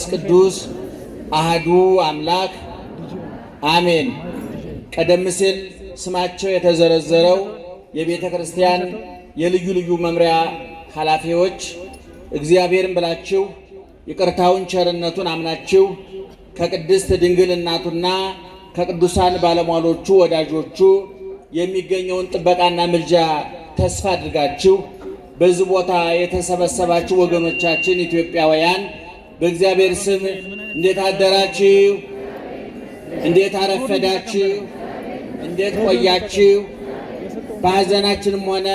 መንፈስ ቅዱስ አህዱ አምላክ አሜን። ቀደም ሲል ስማቸው የተዘረዘረው የቤተ ክርስቲያን የልዩ ልዩ መምሪያ ኃላፊዎች እግዚአብሔርን ብላችሁ ይቅርታውን ቸርነቱን አምናችሁ ከቅድስት ድንግል እናቱና ከቅዱሳን ባለሟሎቹ ወዳጆቹ የሚገኘውን ጥበቃና ምልጃ ተስፋ አድርጋችሁ በዚህ ቦታ የተሰበሰባችሁ ወገኖቻችን ኢትዮጵያውያን በእግዚአብሔር ስም እንዴት አደራችሁ? እንዴት አረፈዳችሁ? እንዴት ቆያችሁ? በሐዘናችንም ሆነ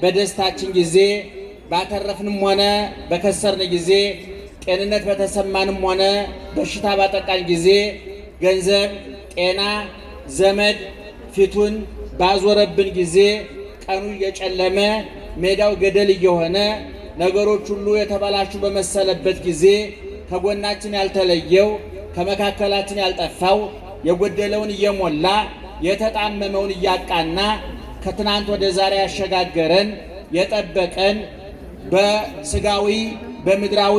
በደስታችን ጊዜ ባተረፍንም ሆነ በከሰርን ጊዜ ጤንነት በተሰማንም ሆነ በሽታ ባጠቃን ጊዜ ገንዘብ፣ ጤና፣ ዘመድ ፊቱን ባዞረብን ጊዜ ቀኑ እየጨለመ ሜዳው ገደል እየሆነ ነገሮች ሁሉ የተበላሹ በመሰለበት ጊዜ ከጎናችን ያልተለየው ከመካከላችን ያልጠፋው የጎደለውን እየሞላ የተጣመመውን እያቃና ከትናንት ወደ ዛሬ ያሸጋገረን የጠበቀን በስጋዊ በምድራዊ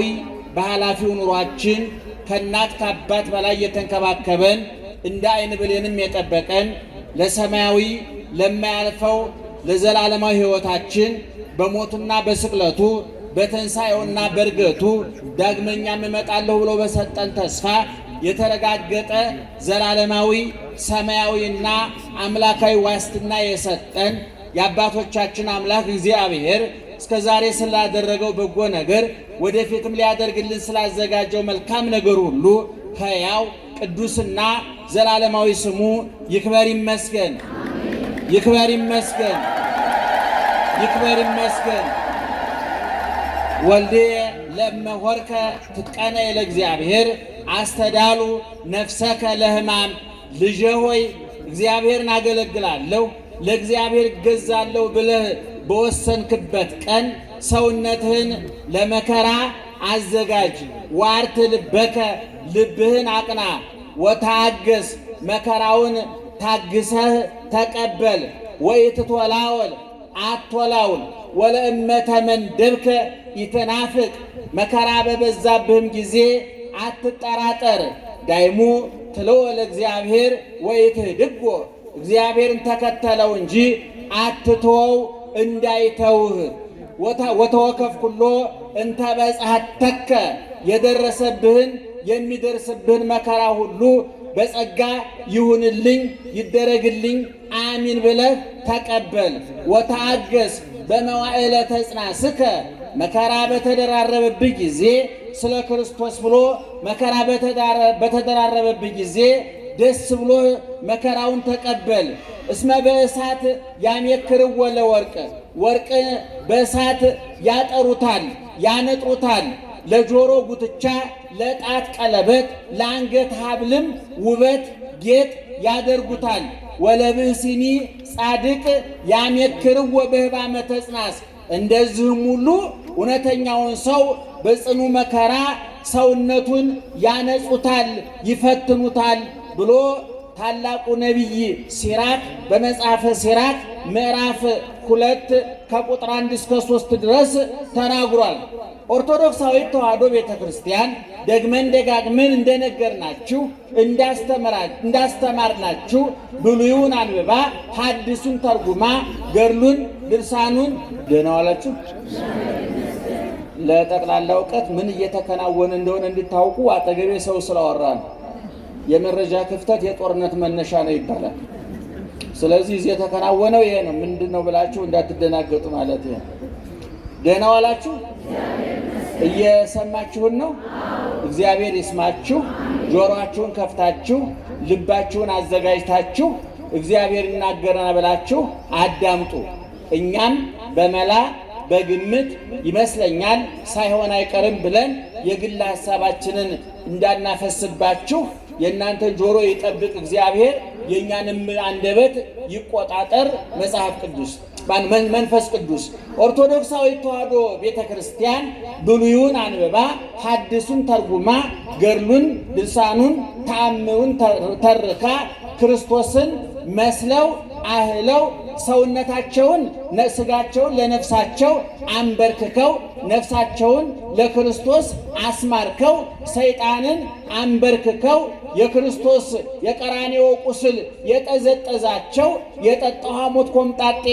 በኃላፊው ኑሯችን ከእናት ከአባት በላይ የተንከባከበን እንደ አይን ብሌንም የጠበቀን ለሰማያዊ ለማያልፈው ለዘላለማዊ ሕይወታችን በሞቱና በስቅለቱ በትንሣኤውና በርገቱ ዳግመኛም እመጣለሁ ብሎ በሰጠን ተስፋ የተረጋገጠ ዘላለማዊ ሰማያዊና አምላካዊ ዋስትና የሰጠን የአባቶቻችን አምላክ እግዚአብሔር እስከ ዛሬ ስላደረገው በጎ ነገር ወደፊትም ሊያደርግልን ስላዘጋጀው መልካም ነገር ሁሉ ሕያው ቅዱስና ዘላለማዊ ስሙ ይክበር ይመስገን፣ ይክበር ይመስገን፣ ይክበር ይመስገን። ወልድየ ለመሆርከ ትጥቀነይ ለእግዚአብሔር አስተዳሉ ነፍሰከ ለሕማም ልጄ ሆይ እግዚአብሔርን አገለግላለሁ ለእግዚአብሔር እገዛለሁ ብለህ በወሰንክበት ቀን ሰውነትህን ለመከራ አዘጋጅ። ዋርት ልበከ ልብህን አቅና ወታገስ መከራውን ታግሰህ ተቀበል ወይ ወይትትወላወል አትወላውል ወለእመተ መንደብከ ይተናፍቅ መከራ በበዛብህም ጊዜ አትጠራጠር። ዳይሙ ትልወ ለእግዚአብሔር ድጎ እግዚአብሔርን ተከተለው እንጂ አትተወው እንዳይተውህ። ኩሎ እንተ ተከ የደረሰብህን የሚደርስብህን መከራ ሁሉ በጸጋ ይሁንልኝ ይደረግልኝ አሚን ብለህ ተቀበል። ወተአገስ በመዋዕለ ተጽና ስከ መከራ በተደራረበብህ ጊዜ ስለ ክርስቶስ ብሎ መከራ በተደራረበብህ ጊዜ ደስ ብሎ መከራውን ተቀበል። እስመ በእሳት ያሜክርዎ ለወርቅ ወርቅ በእሳት ያጠሩታል ያነጥሩታል ለጆሮ ጉትቻ፣ ለጣት ቀለበት፣ ለአንገት ሀብልም ውበት ጌጥ ያደርጉታል። ወለብእሲኒ ጻድቅ ያሜክርዎ በሕማመ ተጽናስ። እንደዚህም ሁሉ እውነተኛውን ሰው በጽኑ መከራ ሰውነቱን ያነጹታል፣ ይፈትኑታል ብሎ ታላቁ ነቢይ ሲራክ በመጽሐፈ ሲራክ ምዕራፍ ሁለት ከቁጥር አንድ እስከ ሶስት ድረስ ተናግሯል። ኦርቶዶክሳዊት ተዋሕዶ ቤተ ክርስቲያን ደግመን ደጋግመን እንደነገርናችሁ እንዳስተማርናችሁ ብሉዩን አንብባ ሐዲሱን ተርጉማ ገድሉን ድርሳኑን ደናዋላችሁ ለጠቅላላ እውቀት ምን እየተከናወነ እንደሆነ እንድታውቁ አጠገቤ ሰው ስላወራ ነው። የመረጃ ክፍተት የጦርነት መነሻ ነው ይባላል። ስለዚህ እዚህ የተከናወነው ይሄ ነው። ምንድን ነው ብላችሁ እንዳትደናገጡ ማለት ይሄ። ደህና ዋላችሁ። እየሰማችሁን ነው። እግዚአብሔር ይስማችሁ። ጆሮአችሁን ከፍታችሁ ልባችሁን አዘጋጅታችሁ እግዚአብሔር ይናገረናል ብላችሁ አዳምጡ። እኛም በመላ በግምት ይመስለኛል ሳይሆን አይቀርም ብለን የግል ሀሳባችንን እንዳናፈስባችሁ የእናንተን ጆሮ ይጠብቅ እግዚአብሔር፣ የእኛንም አንደበት ይቆጣጠር መጽሐፍ ቅዱስ መንፈስ ቅዱስ። ኦርቶዶክሳዊ ተዋሕዶ ቤተ ክርስቲያን ብሉዩን አንብባ ሐዲሱን ተርጉማ ገድሉን፣ ድርሳኑን፣ ተአምሩን ተርካ ክርስቶስን መስለው አህለው ሰውነታቸውን ስጋቸውን ለነፍሳቸው አንበርክከው ነፍሳቸውን ለክርስቶስ አስማርከው ሰይጣንን አንበርክከው የክርስቶስ የቀራኔዎ ቁስል የጠዘጠዛቸው የጠጣው ሞት ኮምጣጤ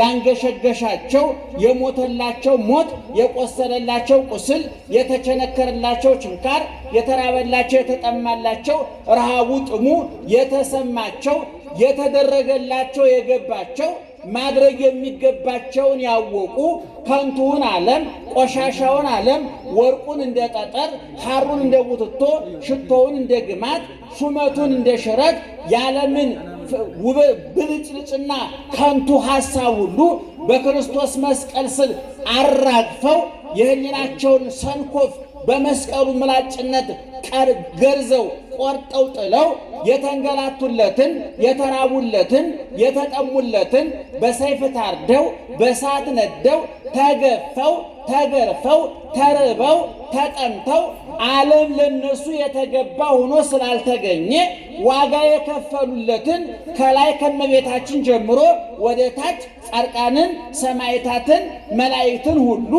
ያንገሸገሻቸው የሞተላቸው ሞት የቆሰለላቸው ቁስል የተቸነከረላቸው ችንካር የተራበላቸው የተጠማላቸው ረሃቡ ጥሙ የተሰማቸው የተደረገላቸው የገባቸው ማድረግ የሚገባቸውን ያወቁ ከንቱውን ዓለም ቆሻሻውን ዓለም ወርቁን እንደ ጠጠር፣ ሐሩን እንደ ቡትቶ፣ ሽቶውን እንደ ግማት፣ ሹመቱን እንደ ሽረት ያለምን ብልጭልጭና ከንቱ ሐሳብ ሁሉ በክርስቶስ መስቀል ስር አራግፈው የህሊናቸውን ሰንኮፍ በመስቀሉ ምላጭነት ገርዘው ቆርጠው ጥለው የተንገላቱለትን የተራቡለትን የተጠሙለትን በሰይፍ ታርደው በሳት ነደው ተገፈው ተገርፈው ተርበው ተጠምተው ዓለም ለነሱ የተገባ ሆኖ ስላልተገኘ ዋጋ የከፈሉለትን ከላይ ከመቤታችን ጀምሮ ወደ ታች ጻድቃንን፣ ሰማዕታትን፣ መላእክትን ሁሉ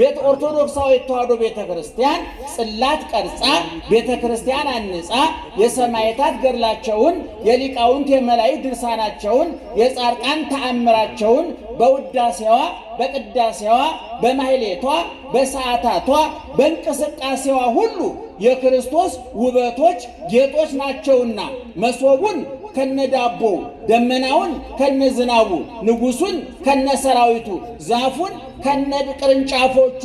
ቤት ኦርቶዶክሳዊ ተዋሕዶ ቤተ ክርስቲያን ጽላት ቀርጻ ቤተ ክርስቲያን አንጻ የሰማዕታት ገድላቸውን የሊቃውንት የመላእክት ድርሳናቸውን የጻድቃን ተአምራቸውን በውዳሴዋ በቅዳሴዋ በማህሌቷ በሰዓታቷ በእንቅስቃሴዋ ሁሉ የክርስቶስ ውበቶች ጌጦች ናቸውና መሶቡን ከነዳቦ ደመናውን ከነዝናቡ ከነ ሰራዊቱ ዛፉን ከነቅርንጫፎቹ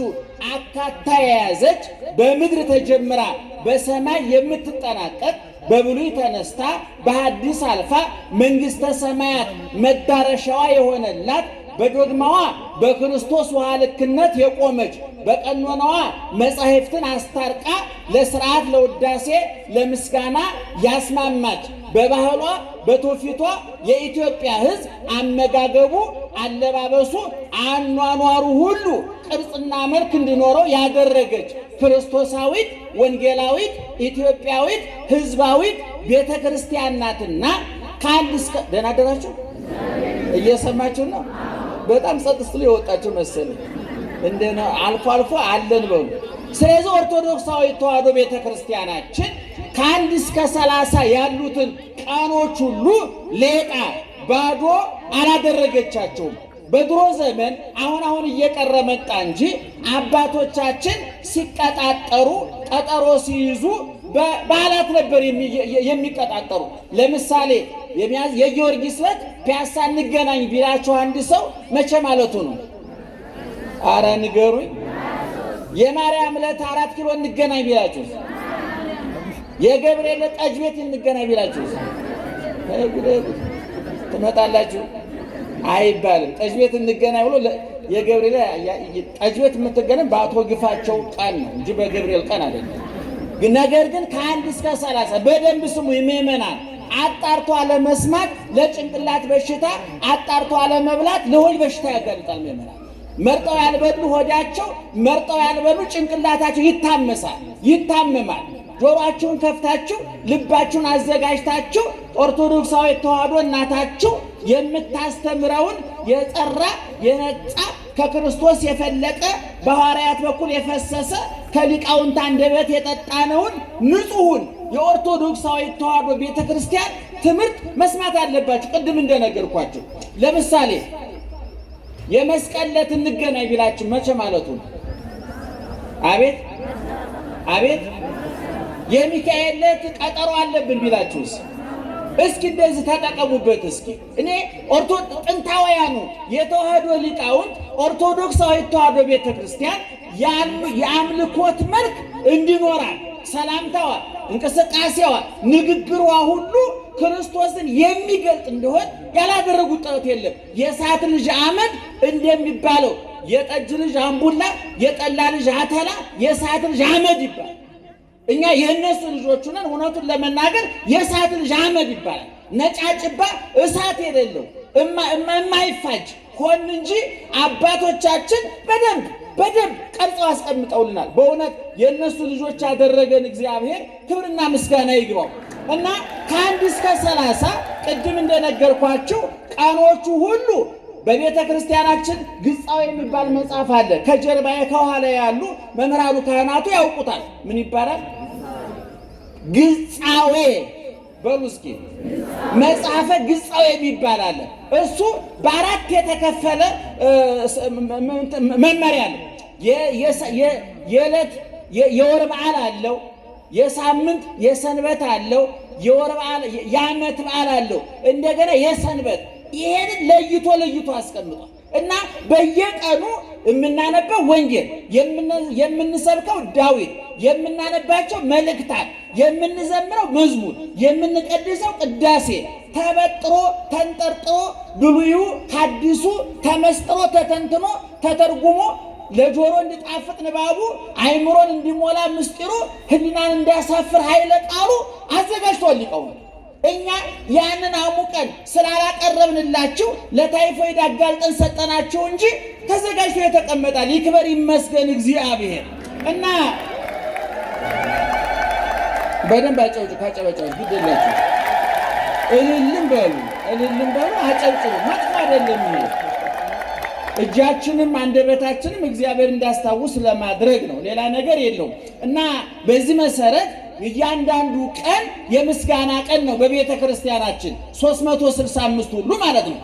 አካታ የያዘች በምድር ተጀምራ በሰማይ የምትጠናቀቅ በብሉይ ተነስታ በሐዲስ አልፋ መንግሥተ ሰማያት መዳረሻዋ የሆነላት በዶግማዋ በክርስቶስ ውሃ ልክነት የቆመች በቀኖናዋ መጻሕፍትን አስታርቃ ለሥርዓት፣ ለውዳሴ፣ ለምስጋና ያስማማች በባህሏ በትውፊቷ የኢትዮጵያ ሕዝብ አመጋገቡ፣ አለባበሱ፣ አኗኗሩ ሁሉ ቅርጽና መልክ እንዲኖረው ያደረገች ክርስቶሳዊት፣ ወንጌላዊት፣ ኢትዮጵያዊት፣ ሕዝባዊት ቤተ ክርስቲያን ናትና ከአንድ እስከ ደህና አደራችሁ። እየሰማችሁ ነው። በጣም ጸጥ ስትሉ የወጣችሁ መሰለኝ። እንደ አልፎ አልፎ አለን በሉ። ስለዚህ ኦርቶዶክሳዊ ተዋሕዶ ቤተ ክርስቲያናችን ከአንድ እስከ ሰላሳ ያሉትን ቀኖች ሁሉ ሌጣ ባዶ አላደረገቻቸውም። በድሮ ዘመን አሁን አሁን እየቀረ መጣ እንጂ አባቶቻችን ሲቀጣጠሩ ቀጠሮ ሲይዙ በዓላት ነበር የሚቀጣጠሩ። ለምሳሌ የጊዮርጊስ ዕለት ፒያሳ እንገናኝ ቢላችሁ አንድ ሰው መቼ ማለቱ ነው? አረ ንገሩኝ። የማርያም ዕለት አራት ኪሎ እንገናኝ ቢላችሁ የገብርኤል ጠጅ ቤት እንገናኝ ቢላችሁ ትመጣላችሁ አይባልም። ጠጅ ቤት እንገናኝ ብሎ የገብርኤል ጠጅ ቤት የምትገናኝ በአቶ ግፋቸው ቀን ነው እንጂ በገብርኤል ቀን አይደለም። ነገር ግን ከአንድ እስከ ሰላሳ በደንብ ስሙ ይመናል። አጣርቶ አለመስማት ለጭንቅላት በሽታ፣ አጣርቶ አለመብላት ለሆድ በሽታ ያጋልጣል። ይመናል መርጠው ያልበሉ ሆዳቸው፣ መርጠው ያልበሉ ጭንቅላታቸው ይታመሳል፣ ይታመማል። ጆሮአችሁን ከፍታችሁ ልባችሁን አዘጋጅታችሁ ኦርቶዶክሳዊ ተዋህዶ እናታችሁ የምታስተምረውን የጠራ የነጻ ከክርስቶስ የፈለቀ በሐዋርያት በኩል የፈሰሰ ከሊቃውንት አንደበት የጠጣነውን ንጹሑን የኦርቶዶክሳዊ ተዋህዶ ቤተ ክርስቲያን ትምህርት መስማት አለባችሁ። ቅድም እንደነገርኳችሁ ለምሳሌ የመስቀል ዕለት እንገናኝ ቢላችሁ መቼ ማለቱ ነው? አቤት አቤት የሚካኤል ዕለት ቀጠሮ አለብን ቢላችሁስ? እስኪ እንደዚህ ተጠቀሙበት። እስኪ እኔ ኦርቶ ጥንታውያኑ የተዋህዶ ሊቃውንት ኦርቶዶክሳዊ ተዋህዶ ቤተ ክርስቲያን የአምልኮት መልክ እንዲኖራል ሰላምታዋ፣ እንቅስቃሴዋ፣ ንግግሯ ሁሉ ክርስቶስን የሚገልጥ እንደሆን ያላደረጉት ጥረት የለም። የእሳት ልጅ አመድ እንደሚባለው የጠጅ ልጅ አምቡላ፣ የጠላ ልጅ አተላ፣ የእሳት ልጅ አመድ ይባል እኛ የእነሱ ልጆች ነን። እውነቱን ለመናገር የእሳት ልጅ አመድ ይባላል። ነጫጭባ እሳት የሌለው የማይፋጅ ሆን እንጂ አባቶቻችን በደንብ በደንብ ቀርጸው አስቀምጠውልናል። በእውነት የእነሱ ልጆች ያደረገን እግዚአብሔር ክብርና ምስጋና ይግባው እና ከአንድ እስከ ሰላሳ ቅድም እንደነገርኳቸው ቀኖቹ ሁሉ በቤተ ክርስቲያናችን ግጻው የሚባል መጽሐፍ አለ። ከጀርባዬ ከኋላ ያሉ መምህራኑ ካህናቱ ያውቁታል። ምን ይባላል? ግጻዌ በሉ እስኪ። መጽሐፈ ግጻዌ የሚባል አለ። እሱ በአራት የተከፈለ መመሪያ አለ። የዕለት የወር በዓል አለው። የሳምንት የሰንበት አለው። የወር በዓል የዓመት በዓል አለው። እንደገና የሰንበት ይሄንን ለይቶ ለይቶ አስቀምጧል እና በየቀኑ የምናነበው ወንጌል፣ የምንሰብከው ዳዊት፣ የምናነባቸው መልእክታት፣ የምንዘምረው መዝሙር፣ የምንቀድሰው ቅዳሴ ተበጥሮ ተንጠርጥሮ ብሉዩ ሐዲሱ ተመስጥሮ ተተንትኖ ተተርጉሞ ለጆሮ እንዲጣፍጥ ንባቡ አይምሮን እንዲሞላ ምስጢሩ ሕሊናን እንዲያሳፍር ኃይለ ቃሉ አዘጋጅቷል ሊቃውንት። እኛ ያንን አሙቀን ስላላቀረብንላችሁ ለታይፎይድ አጋልጠን ሰጠናችሁ እንጂ ተዘጋጅቶ የተቀመጣል። ይክበር ይመስገን እግዚአብሔር እና በደንብ አጨብጭ ካጨበጨው ግደላችሁ እልልም በሉ እልልም በሉ አጨብጭሩ። መጥፎ አይደለም። እጃችንም አንደበታችንም እግዚአብሔር እንዳስታውስ ለማድረግ ነው። ሌላ ነገር የለውም እና በዚህ መሰረት እያንዳንዱ ቀን የምስጋና ቀን ነው በቤተ ክርስቲያናችን 365 ሁሉ ማለት ነው።